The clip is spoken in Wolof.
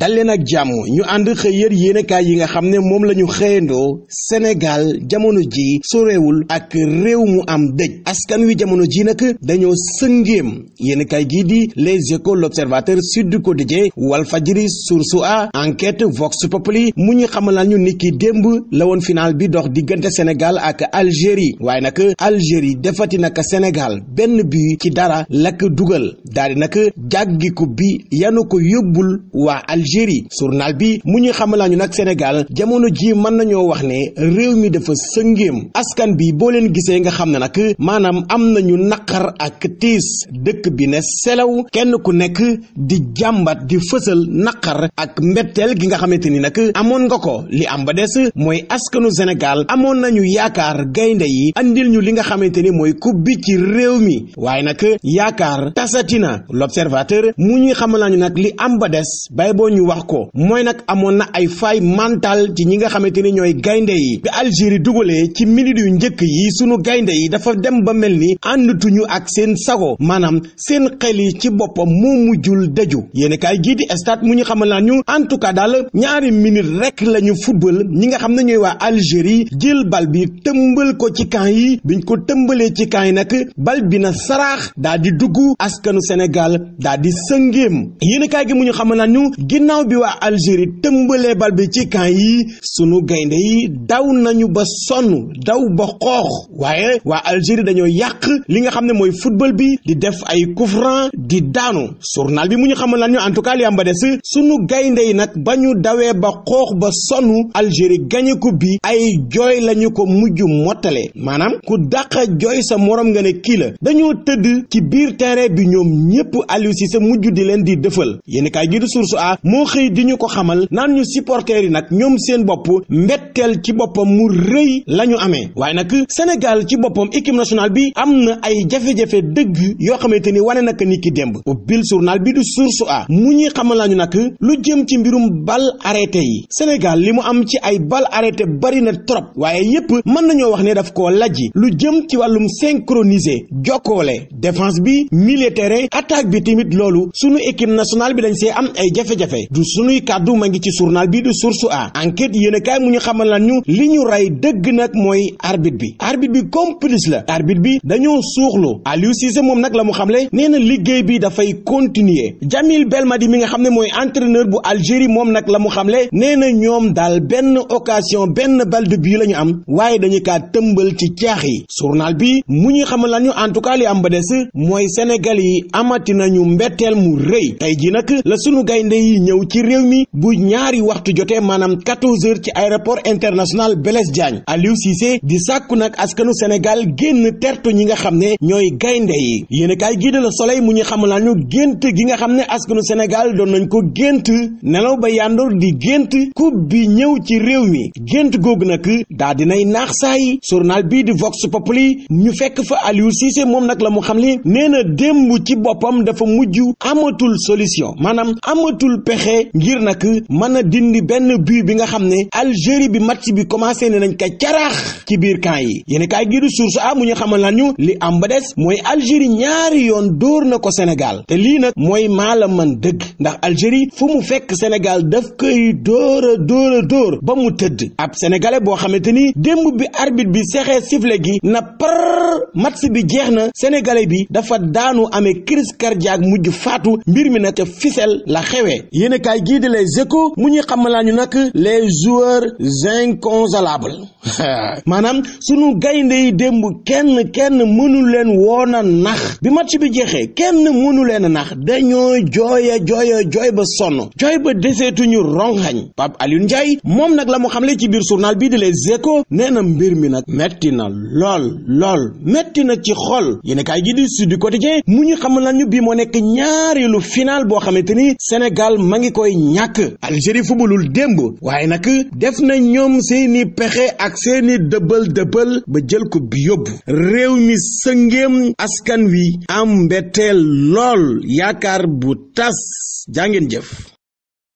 dalleen nag jàmm ñu ànd xëy yër yi nga xam ne moom la ñu xëyandoo Sénégal jamono ji sorewul ak réew mu am dëj askan wi jamono ji nag dañoo sëngéem yéenekaay gii di Les Échos L'Observateur Sud Quotidien Walfadjri Source A Enquête Vox Populi mu ñu xamal ñu niki démb la woon final bi dox diggante Sénégal ak Algérie waaye nag Algérie defati nag Sénégal benn bi ci dara lakk dugal daal di jàggiku bi yanu ko yóbbul waa Algérie journal bi mu ñuy xam xamalaañu nag Sénégal jamono ji mën nañoo wax ne réew mi dafa sëngéem askan bi boo leen gisee nga xam ne nag maanaam am nañu naqar ak tiis dëkk bi ne selew kenn ku nekk di jàmbat di fësal naqar ak mbetteel gi nga xamante ni nag amoon nga ko li am ba des mooy askanu Sénégal amoon nañu yaakaar gaynde yi andil ñu li nga xamante ni mooy coupe bi ci réew mi waaye nag yaakaar tasatina l'observateur mu ñuy xamalaañu nag li am ba des bay ñu wax ko mooy nag amoon na ay faille mentale ci ñi nga xamante ni ñooy gaynde yi bi Algérie dugalee ci minute yu njëkk yi sunu gaynde yi dafa dem ba mel ni àndatuñu ak seen sago maanaam seen xel yi ci boppam moo mujjul daju yéen kaay gii di stade mu ñu xamal naa ñu en tout cas daal ñaari minute rek la ñu football ñi nga xam ne ñooy waa Algérie jël bal bi tëmbal ko ci camp yi bi biñ ko tëmbalee ci camp yi nag bal bi na saraax daal di dugg askanu Sénégal daal di ginnaaw bi waa Algérie tëmbalee bal bi ci kan yi sunu gaynde yi daw nañu ba sonn daw ba xoox waaye waa Algérie dañoo yàq li nga xam ne mooy football bi di def ay coup franc di daanu journal bi mu ñu xamal lan ñu en tout cas li am ba des sunu gaynde yi nag ba ñu dawee ba xoox ba sonn Algérie gañe ko bi ay jooy lañu ko mujj mottale maanaam ku dàq jooy sa moroom nga ne kii la dañoo tëdd ci biir tere bi ñoom ñépp Aliou Cissé mujj di leen di dëfal moo xëy di ñu ko xamal naan ñu supporters yi nag ñoom seen bopp mbetteel ci boppam mu rëy la ñu amee waaye nag Sénégal ci boppam équipe nationale bi am na ay jafe-jafe dëgg yoo xamante ni wane naka ni ki démb ubbil journal bi du source a mu ñuy xamal lañu nag lu jëm ci mbirum bal arrêté yi Sénégal li mu am ci ay bal arrêté bari na trop waaye yépp mën nañoo wax ne daf koo lajji lu jëm ci wàllum synchroniser jokkoole défense bi militaire attaque bi tamit loolu sunu équipe nationale bi dañ see am ay jafe joxe du sunuy kàddu ma ngi ci journal bi du source a enquête yéen a mu ñu xamal lan ñu li ñu rey dëgg nag mooy arbitre bi arbitre bi complice la arbitre bi dañoo suuxlu Aliou Cissé moom nag la mu xamle nee na liggéey bi dafay continuer Jamil Belmadi mi nga xam ne mooy entraîneur bu Algérie moom nag la mu xamle nee na ñoom daal benn occasion benn balle de but la ñu am waaye dañu kaa tëmbal ci caax yi journal bi mu ñu xamal lan ñu en tout cas li am ba des mooy Sénégal yi amati nañu mbetteel mu tey ji nag la ñëw ci réew mi bu ñaari waxtu jotee maanaam 14 heures ci aéroport international Blaise Diagne Aliou Cissé di sàkku nag askanu Sénégal génn tertu ñi nga xam ne ñooy gaynde yi yéen kaay gii de la mu ñu xamal ñu gént gi nga xam ne askanu Sénégal doon nañ ko gént nelaw ba yàndoor di gént coupe bi ñëw ci réew mi gént googu nag daa dinay naax saa yi journal bii di Vox Populi ñu fekk fa Aliou Cissé moom nag la mu xam li nee na démb ci boppam dafa mujj amatul solution maanaam amatul pexe fexe ngir nag mën a dindi benn but bi nga xam ne Algérie bi match bi commencé ne nañ ko caraax ci biir camp yi yéen kaay gii di source a mu ñu xamal lan li am ba des mooy Algérie ñaari yoon dóor na ko Sénégal te lii nag mooy maala man dëgg ndax Algérie fu mu fekk Sénégal daf koy dóor a dóor a dóor ba mu tëdd ab sénégalais boo xamante ni démb bi arbitre bi sexee sifflet gi na par match bi jeex na sénégalais bi dafa daanu amee crise cardiaque mujj faatu mbir mi na ca la xewee yéen gii di les mu ñuy xamalaa ñu nag les joueurs inconsolables maanaam sunu gaynde yi démb kenn kenn mënu leen woon a nax bi match bi jeexee kenn mënu leen a nax dañoo jooya jooya jooy ba sonn jooy ba deseetuñu rongañ Pape Alioune Ndiaye moom nag la mu xam xamle ci biir journal bii di les échos nee na mbir mi nag metti na lool lool metti na ci xol yéen gi gii di Sud Quotidien mu ñu xamal ñu bi moo nekk ñaareelu final boo xamante ni Sénégal ma ngi koy ñàkk Algérie fubalul démb waaye nag def na ñoom seeni pexe ak seeni dëbbal dëbbal ba jël ko bi yóbbu réew mi sëngéem askan wi am mbetteel lool yaakaar bu tas jàngeen jëf